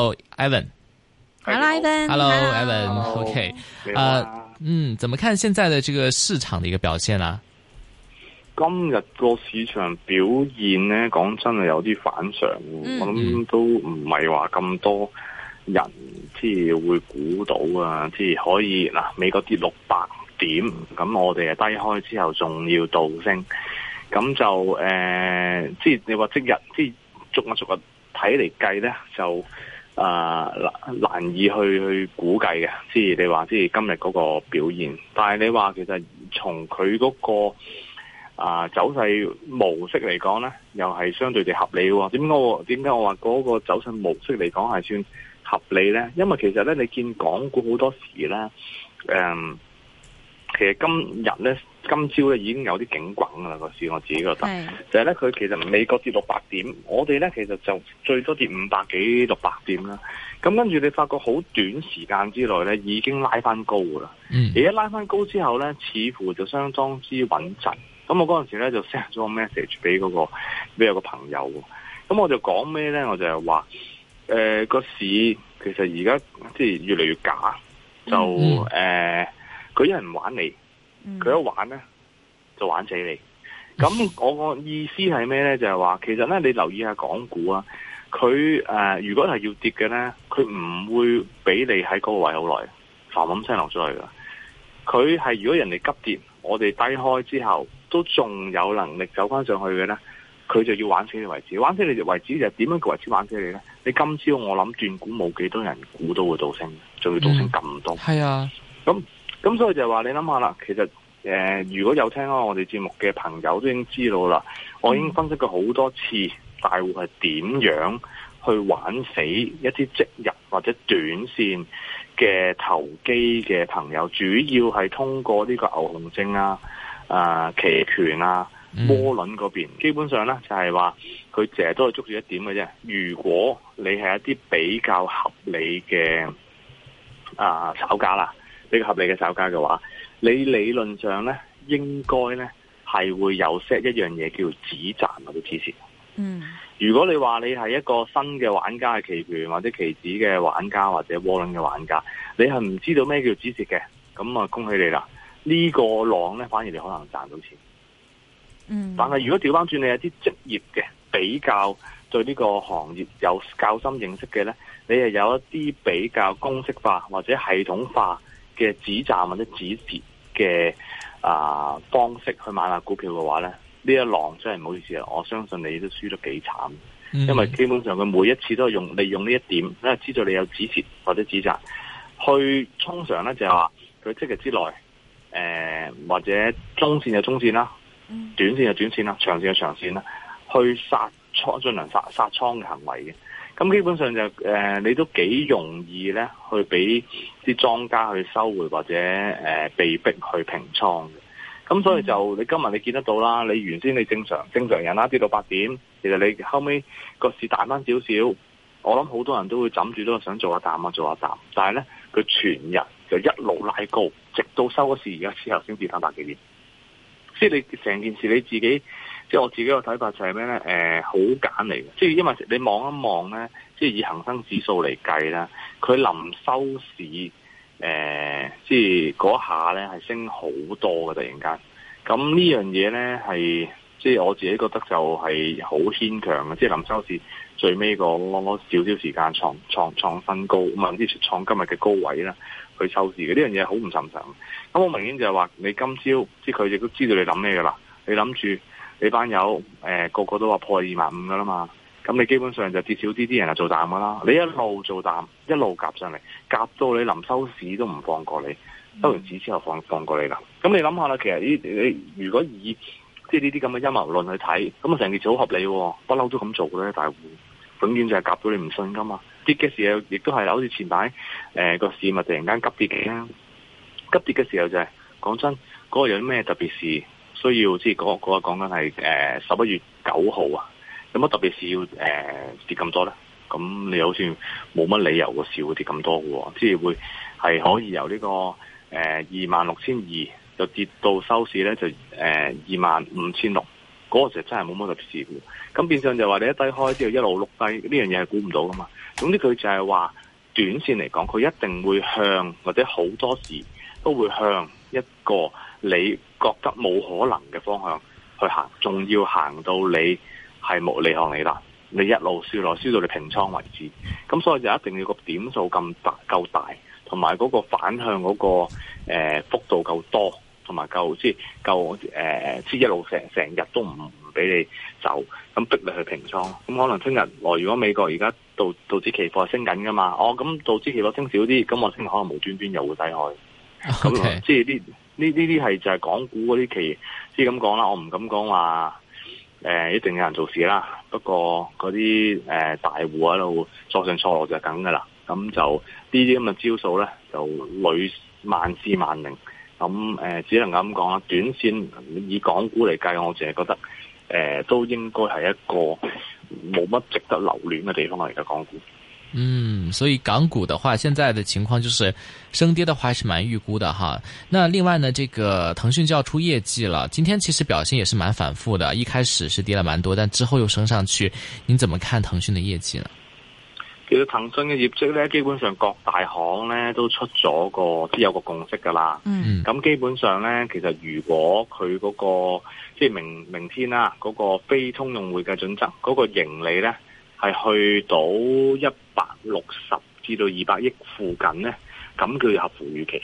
Oh, Evan，好啦，Evan，Hello，Evan，OK，、okay. 啊、uh,，嗯，怎麼看現在的這個市場的一個表現啦、啊？今日個市場表現呢，講真係有啲反常，我、嗯、諗都唔係話咁多人，即係會估到啊，即、就、係、是、可以嗱，美國跌六百點，咁我哋啊低開之後仲要倒升，咁就誒，即、呃、係、就是、你話即日，即係逐個逐個睇嚟計呢就。啊難難以去去估計嘅，即係你話，即係今日嗰個表現。但係你話，其實從佢嗰個啊走勢模式嚟講咧，又係相對地合理嘅。點解我點解我話嗰個走勢模式嚟講係算合理咧？因為其實咧，你見港股好多時咧，誒、嗯，其實今日咧。今朝咧已經有啲警棍噶啦，個市，我自己覺得。是就係咧，佢其實美國跌六百點，我哋咧其實就最多跌五百幾六百點啦。咁跟住你發覺好短時間之內咧，已經拉翻高噶啦、嗯。而家拉翻高之後咧，似乎就相當之穩陣。咁我嗰陣時咧就 send 咗個 message 俾嗰個，俾個朋友。咁我就講咩咧？我就係話，誒、呃、個市其實而家即係越嚟越假，就誒佢有人玩你。佢、嗯、一玩咧就玩死你，咁我個意思係咩咧？就係、是、話其實咧，你留意下港股啊，佢誒、呃，如果係要跌嘅咧，佢唔會俾你喺嗰個位好耐，浮冇聲落咗去噶。佢係如果人哋急跌，我哋低開之後都仲有能力走翻上去嘅咧，佢就要玩死你為止，玩死你為止就點樣嘅為止玩死你咧？你今朝我諗斷估冇幾多人估到會倒升，仲要倒升咁多，係、嗯、啊、咁、嗯。咁所以就話你諗下啦，其實誒、呃，如果有聽過我哋節目嘅朋友都已經知道啦，我已經分析過好多次大戶係點樣去玩死一啲即入或者短綫嘅投機嘅朋友，主要係通過呢個牛熊證啊、啊、呃、期權啊、窩輪嗰邊，基本上咧就係話佢成日都係捉住一點嘅啫。如果你係一啲比較合理嘅啊、呃、炒家啦。比較合理嘅炒價嘅話，你理論上呢應該呢係會有 set 一樣嘢叫止賺，或者止蝕。嗯，如果你話你係一個新嘅玩家嘅期權或者期指嘅玩家或者窩輪嘅玩家，你係唔知道咩叫止蝕嘅，咁啊恭喜你啦！呢、呢個浪呢，反而你可能賺到錢。嗯，但係如果調翻轉，你有啲職業嘅、比較對呢個行業有較深認識嘅呢，你係有一啲比較公式化或者系統化嘅止賺或者止蝕嘅啊方式去買下股票嘅話咧，呢一浪真係唔好意思啊！我相信你都輸得幾慘，因為基本上佢每一次都係用利用呢一點，因為知道你有止蝕或者止賺，去通常咧就係話佢即日之內，誒、呃、或者中線就中線啦，短線就短線啦，長線就長線啦，去殺倉，進行殺殺倉嘅行為嘅。咁基本上就誒、呃，你都幾容易咧，去俾啲莊家去收回，或者誒、呃、被逼去平倉嘅。咁所以就你今日你見得到啦，你原先你正常正常人啦、啊，跌到八點，其實你後尾個市彈翻少少，我諗好多人都會枕住都想做下淡啊，做下淡，但係咧，佢全日就一路拉高，直到收市，而家之後先跌翻百幾點，即係你成件事你自己。即係我自己嘅睇法就係咩咧？誒、呃、好簡嚟嘅，即係因為你望一望咧，即係以恒生指數嚟計呢，佢臨收市誒、呃，即係嗰下咧係升好多嘅突然間。咁呢樣嘢咧係，即係我自己覺得就係好牽強嘅。即係臨收市最尾嗰攞少少時間創創創新高，咁分啲創今日嘅高位啦，去收市嘅呢樣嘢好唔尋常。咁我明顯就係話你今朝即係佢亦都知道你諗咩㗎啦，你諗住。你班友誒、呃、個個都話破二萬五㗎啦嘛，咁你基本上就至少啲啲人就做淡㗎啦，你一路做淡一路夾上嚟，夾到你臨收市都唔放過你，收完市之後放放過你啦。咁你諗下啦，其實你，你如果以即係呢啲咁嘅陰謀論去睇，咁成件事好合理喎、哦，不嬲都咁做嘅咧，大戶永遠就係夾到你唔信噶嘛。跌嘅時候亦都係好似前排誒、呃、那個市物突然間急跌嘅，急跌嘅時候就係、是、講真嗰、那個有啲咩特別事？需要即係講講講緊係十一月九號、呃、啊，有乜特別事要誒跌咁多咧？咁你好似冇乜理由個市會跌咁多喎。即係會係可以由呢、呢個誒二萬六千二，呃、就跌到收市咧就誒二萬五千六，嗰、呃、個時候真係冇乜特別事嘅。咁變相就話你一低開之後一路碌低，呢樣嘢係估唔到噶嘛。總之佢就係話，短線嚟講，佢一定會向或者好多時都會向一個你覺得冇可能嘅方向去行，仲要行到你係冇理會你啦，你一路輸落，輸到你平倉為止。咁所以就一定要個點數咁大，夠大，同埋嗰個反向嗰、那個誒、呃、幅度夠多，同埋夠即係夠誒，即係、呃、一路成成日都唔俾你走，咁逼你去平倉。咁可能聽日來，如果美國而家道、道指期貨升緊㗎嘛，哦咁道指期貨升少啲，咁我聽日可能冇端端又會使開，咁即係啲。Okay. 呢呢啲係就係港股嗰啲企業，即係咁講啦。我唔敢講話誒一定有人做事啦。不過嗰啲誒大戶喺度坐上錯落就梗噶啦。咁就呢啲咁嘅招數咧，就屢萬試萬靈。咁誒、呃、只能咁講啦。短線以港股嚟計，我淨係覺得誒、呃、都應該係一個冇乜值得留戀嘅地方嚟嘅港股。嗯，所以港股的話，現在的情況就是升跌的話，還是難預估的哈。那另外呢，這個騰訊就要出業績了。今天其實表現也是蠻反覆的，一開始是跌了蠻多，但之後又升上去。你怎麼看騰訊的業績呢？其實騰訊嘅業績呢，基本上各大行呢都出咗個都有個共識㗎喇。咁、嗯、基本上呢，其實如果佢嗰、那個即係明明天啦、啊，嗰、那個非通用會計準則嗰、那個盈利呢。係去到一百六十至到二百億附近咧，咁叫做合乎預期。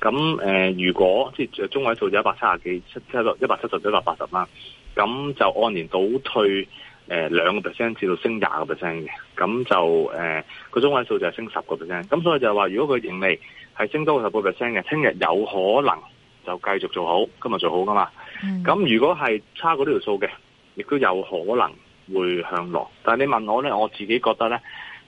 咁、誒、呃，如果即係中位數就一百七十幾，七七一百七十一百八十啦，咁就按年倒退誒兩個 percent 至到升廿個 percent 嘅。咁就誒個中位數就係升十個 percent。咁所以就係話，如果佢盈利係升多十個 percent 嘅，聽日有可能就繼續做好，今日做好噶嘛。咁如果係差過呢條數嘅，亦都有可能。會向落，但係你問我呢，我自己覺得呢，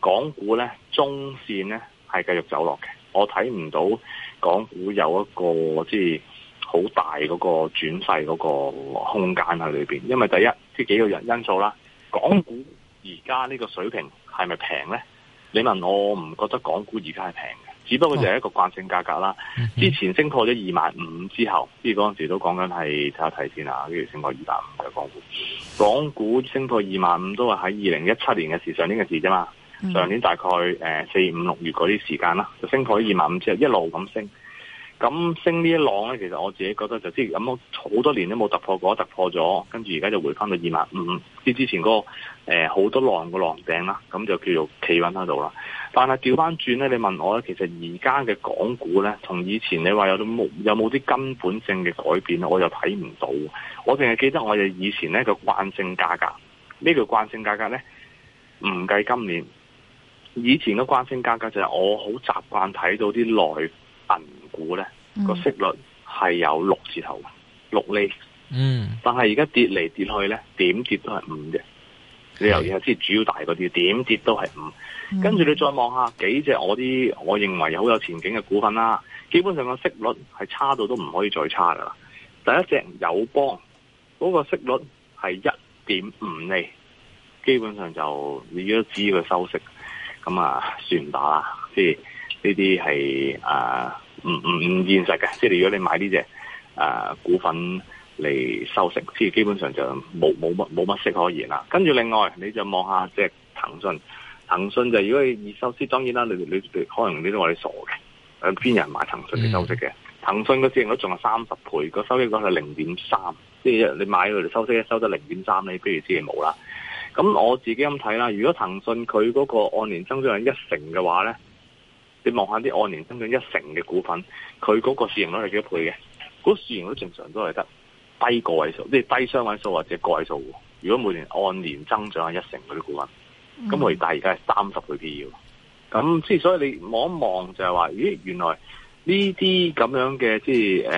港股呢，中線呢，係繼續走落嘅，我睇唔到港股有一個即係好大嗰個轉勢嗰個空間喺裏邊，因為第一，即幾個人因素啦，港股而家呢個水平係咪平呢？你問我我唔覺得港股而家係平。只不過就係一個慣性價格啦，之前升破咗二萬五之後，呢個陣時都講緊係睇下睇先啊，跟住升過二萬五嘅港股，港股升破二萬五都係喺二零一七年嘅事，上年嘅事啫嘛，上年大概誒四五六月嗰啲時間啦，就升破咗二萬五之後，一路咁升。咁升呢一浪咧，其實我自己覺得就即係咁，我好多年都冇突破過，突破咗，跟住而家就回翻到二萬五，之前嗰個、呃、好多浪嘅浪頂啦，咁就叫做企穩喺度啦。但係調翻轉咧，你問我咧，其實而家嘅港股咧，同以前你話有冇有冇啲根本性嘅改變咧，我就睇唔到。我淨係記得我哋以前咧個慣性價格，呢個慣性價格咧，唔計今年以前嘅慣性價格就係我好習慣睇到啲內銀股咧個息率係有六字頭，六厘，嗯，但係而家跌嚟跌去咧，點跌都係五嘅。你留意下，即係主要大嗰啲，點跌都係五。跟住你再望下幾隻我啲我認為好有前景嘅股份啦，基本上個息率係差到都唔可以再差噶啦。第一隻友邦嗰個息率係一點五厘，基本上就你都知佢收息，咁啊算打啦，即係。呢啲係啊，唔唔唔現實嘅，即係如果你買呢隻啊股份嚟收息，即係基本上就冇冇乜冇乜息可言啦。跟住另外，你就望下即係騰訊，騰訊就如果你以收息，當然啦，你你，你可能你都話你傻嘅，邊有人買騰訊嚟收息嘅？Mm -hmm. 騰訊嗰隻都仲有三十倍，個收益率係零點三，即係你買佢嚟收息，收得零點三，你不如直接冇啦。咁我自己咁睇啦，如果騰訊佢嗰個按年增長係一成嘅話咧？你望下啲按年增長一成嘅股份，佢嗰個市盈率係幾多倍嘅？嗰、嗰個市盈率正常都係得低個位數，即係低雙位數或者個位數。如果每年按年增長係一成嗰啲股份，咁我而但係而家係三十倍 P E。咁之所以你望一望就係、是、話，咦，原來呢啲咁樣嘅即係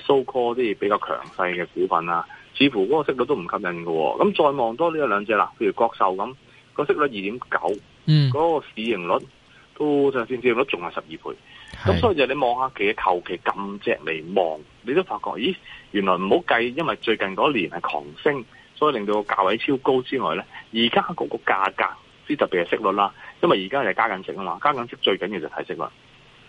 誒 so call 啲比較強勢嘅股份啊，似乎嗰個息率都唔吸引嘅、哦。咁再望多呢有兩隻啦，譬如國壽咁，嗰個息率二點九，嗯，嗰、嗰個市盈率。都就係先至，都仲係十二倍。咁所以就你望下佢，求其咁隻嚟望，你都發覺，咦，原來唔好計，因為最近嗰一年係狂升，所以令到個價位超高之外咧，而家嗰個價格，即特別係息率啦。因為而家係加緊息啊嘛，加緊息最緊要就係息率。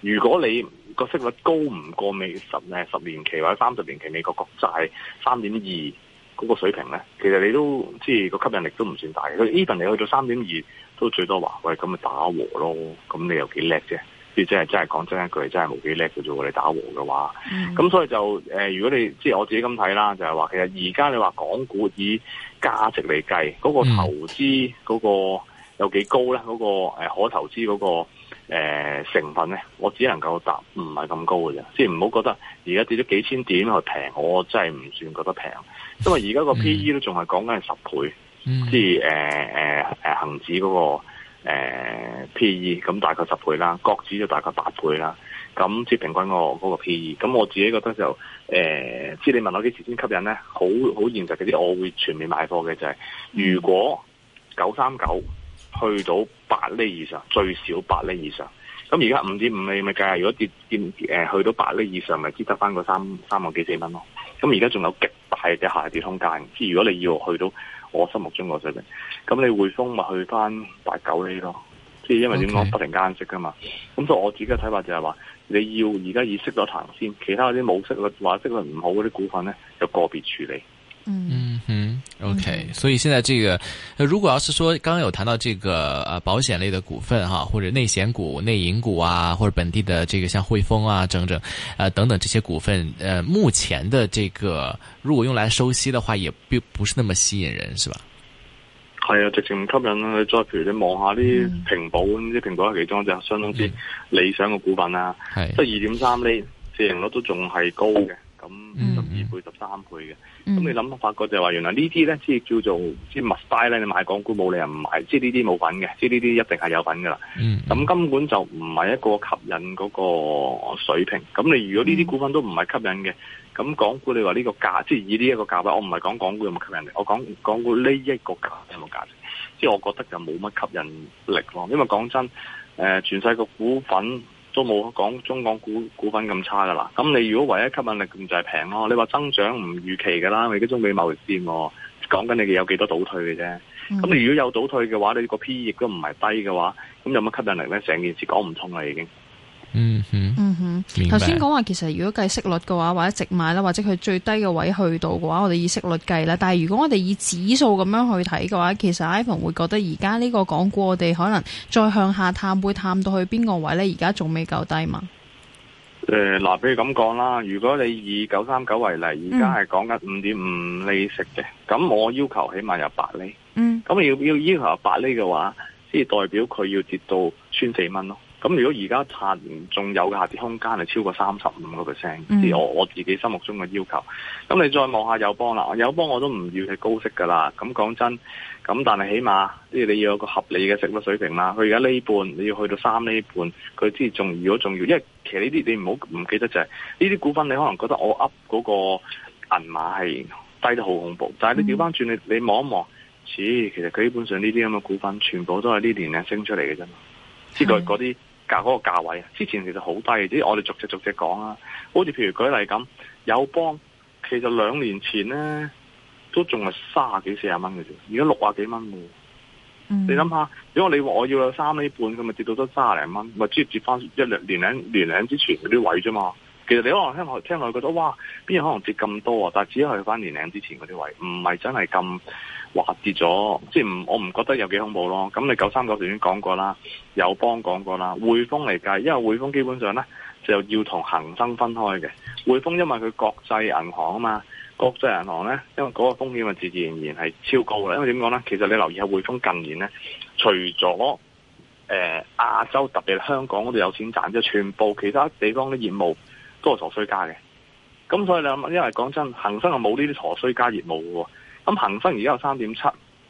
如果你個息率高唔過美十誒十年期或者三十年期美國國債三點二嗰個水平咧，其實你都即係個吸引力都唔算大。even 你去到三點二。都最多話，喂，咁咪打和咯，咁你又幾叻啫？即係真係真係講真一句，真係冇幾叻嘅啫喎！你打和嘅話，咁、嗯、所以就、呃、如果你即係我自己咁睇啦，就係、是、話其實而家你話港股以價值嚟計，嗰、那個投資嗰個有幾高咧？嗰、那個、呃、可投資嗰、那個、呃、成分咧，我只能夠答唔係咁高嘅啫。即係唔好覺得而家跌咗幾千點去平，我真係唔算覺得平，因為而家個 P E 都仲係講緊係十倍。即係誒誒誒恒指嗰、那個誒 P E，咁大概十倍啦，國指就大概八倍啦，咁即係平均嗰、那個、那個 P E。咁我自己覺得就誒、呃，即係你問我幾時先吸引咧，好好現實嗰啲我會全面買貨嘅就係、是，如果九三九去到八厘以上，最少八厘以上，咁而家五點五厘咪計下，如果跌跌誒、呃、去到八厘以上，咪只得翻個三三萬幾四蚊咯。咁而家仲有極大嘅下跌空間，即係如果你要去到。我心目中嗰水平，咁你匯豐咪去翻八九厘咯，即係因為點講，不停加息噶嘛。咁所以我自己嘅睇法就係話，你要而家已息咗彈先，其他嗰啲冇息率或者息率唔好嗰啲股份咧，就個別處理。嗯嗯。OK，所以現在這個，如果要是說，剛剛有談到這個，呃，保險類的股份哈，或者內險股、內銀股啊，或者本地的這個像匯豐啊，等等啊，等等這些股份，呃，目前的這個如果用來收息的話，也並不是那麼吸引人，是吧？係啊，直情唔吸引啊！你再譬如你望下啲平保，呢啲平保係其中就係相當之理想嘅股份啊。即係二點三厘市盈率都仲係高嘅，咁十二倍十三倍嘅。咁、嗯、你諗下發覺就係話，原來呢啲咧，即係叫做即係物低咧，你買港股冇理由唔買，即係呢啲冇品嘅，即係呢啲一定係有品㗎啦。咁、嗯、根本就唔係一個吸引嗰個水平。咁你如果呢啲股份都唔係吸引嘅，咁港股你話呢個價，即係以呢一個價位，我唔係講港股有冇吸引力，我講港股呢一個價有冇價值。即係我，我，我覺得就冇乜吸引力咯。因為講真，誒、呃，全世界個股份，都冇講中港股股份咁差噶啦，咁你如果唯一吸引力咁就係平咯。你話增長唔預期噶啦，你哋啲中美貿易戰，講緊你哋有幾多倒退嘅啫。咁、嗯、你如果有倒退嘅話，你個 P E 亦都唔係低嘅話，咁有乜吸引力咧？成件事講唔通啦，已經。嗯哼，嗯哼，頭先講話，其實如果計息率嘅話，或者直買啦，或者佢最低嘅位去到嘅話，我哋以息率計啦。但係如果我哋以指數咁樣去睇嘅話，其實 iPhone 會覺得而家呢個港股我哋可能再向下探，會探到去邊個位呢？而家仲未夠低嘛？嗱、呃，比如咁講啦，如果你以九三九為例，而家係講緊五點五厘息嘅，咁、嗯、我要求起碼有八厘，嗯，咁要要要求八厘嘅話，即係代表佢要跌到穿四蚊咯。咁如果而家擦年仲有嘅下跌空間係超過三十五個 percent，係我我自己心目中嘅要求。咁你再望下友邦啦，友邦我都唔要係高息噶啦。咁講真，咁但係起碼，即係你要有個合理嘅息率水平啦。佢而家呢半你要去到三呢半，佢之仲如果仲要，因為其實呢啲你唔好唔記得就係呢啲股份，你可能覺得我 up 嗰個銀碼係低得好恐怖，嗯、但係你調翻轉你你望一望，咦，其實佢基本上呢啲咁嘅股份全部都係呢年呢升出嚟嘅啫嘛，即啲。價嗰、嗰個價位啊，之前其實好低，隻我哋逐隻逐隻講啊，好似譬如舉例咁，友邦其實兩年前咧都仲係卅幾四啊蚊嘅啫，十而家六啊幾蚊喎。你諗下，如果你話我要有三厘半，咁咪跌到咗卅零蚊，咪即係跌翻一兩年兩年之前嗰啲位啫嘛。其實你可能聽落聽落，覺得哇，邊有可能跌咁多啊？但係只係去翻年兩之前嗰啲位，唔係真係咁。滑跌咗，即係唔，我唔覺得有幾恐怖咯。咁你九三九已經講過啦，友邦講過啦，匯豐嚟計，因為匯豐基本上呢就要同恒生分開嘅。匯豐因為佢國際銀行啊嘛，國際銀行呢，因為嗰個風險啊，自自然然係超高嘅。因為點講呢？其實你留意下匯豐近年呢，除咗誒亞洲，特別香港嗰度有錢賺，即係全部其他地方啲業務都係陀衰家嘅。咁所以你諗，因為講真，恒生係冇呢啲陀衰家業務咁恒生而家有三點七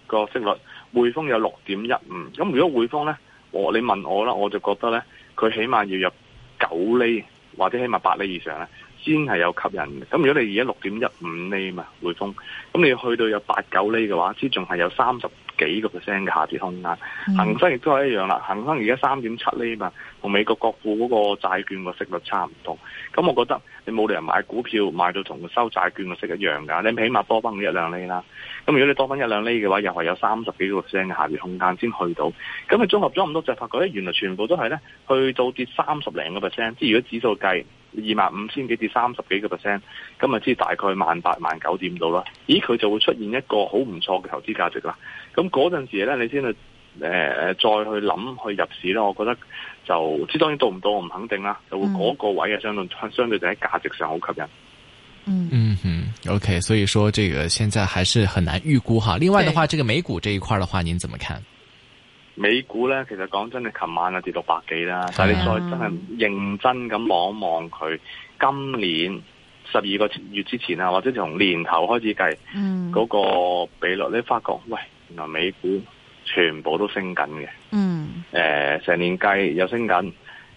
個息率，匯豐有六點一五。咁如果匯豐呢？我你問我啦，我就覺得呢，佢起碼要有九厘或者起碼八厘以上呢，先係有吸引。咁如果你而家六點一五厘嘛，匯豐，咁你去到有八九厘嘅話，之仲係有三十。幾個 percent 嘅下跌空間，恒生亦都係一樣啦。恒生而家三點七厘嘛，同美國國庫嗰個債券個息率差唔多。咁我覺得你冇理由買股票買到同佢收債券個息一樣㗎。你起碼多翻一兩厘啦。咁如果你多翻一兩厘嘅話，又係有三十幾個 percent 嘅下跌空間先去到。咁你綜合咗咁多就發覺咧，原來全部都係咧去到跌三十零個 percent。即係如果指數計。二萬五千幾至三十幾個 percent，今日即係大概萬八萬九點到啦，咦佢就會出現一個好唔錯嘅投資價值啦。咁嗰陣時咧，你先去誒誒再去諗去入市啦。我覺得就即係當然到唔到,不到我唔肯定啦，就會嗰個位啊相對相對就喺價值上好吸引。嗯嗯嗯 OK 所以說這個現在還是很難預估哈。另外的話，這個美股這一塊的話，您怎麼看？美股咧，其實講真，你琴晚啊跌到百幾啦。但係你再真係認真咁望一望佢，今年十二個月之前啊，或者從年頭開始計，嗰、嗯嗰個比率你發覺，喂，原來美股全部都升緊嘅。嗯，成、呃、年計又升緊，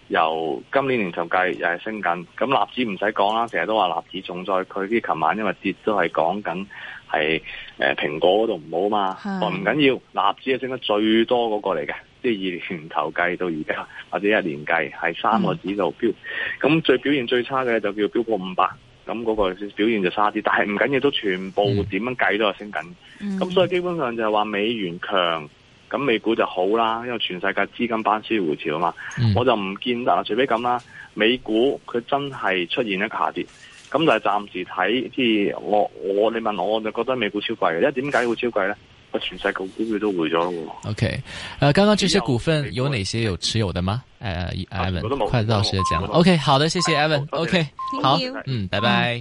由今年年頭計又係升緊。咁納指唔使講啦，成日都話納指重災，佢啲琴晚因為跌都係講緊。係誒，蘋果嗰度唔好嘛，唔緊要，納指係升得最多嗰個嚟嘅，即係二年頭計到而家或者一年計，係三個指數標，咁、嗯、最表現最差嘅就叫標普五百，咁嗰個表現就差啲，但係唔緊要，都全部點樣計都係升緊，咁、嗯、所以基本上就係話美元強，咁美股就好啦，因為全世界資金班師回朝啊嘛、嗯，我就唔見得除非咁啦，美股佢真係出現一個下跌。咁就係暫時睇，即係我我你問我，我就覺得美股超貴嘅，因為點解會超貴咧？我全世界股票都回咗嘅喎。OK，誒、呃，剛剛這些股份有哪些有持有的嗎？誒、呃，Evan，快到時間了。OK，好的，謝謝 Evan。OK，好，嗯，拜拜。